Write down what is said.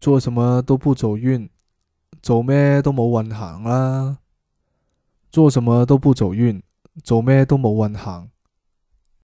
做什麼都不走運，做咩都冇運行啦、啊。做什麼都不走運，做咩都冇運行。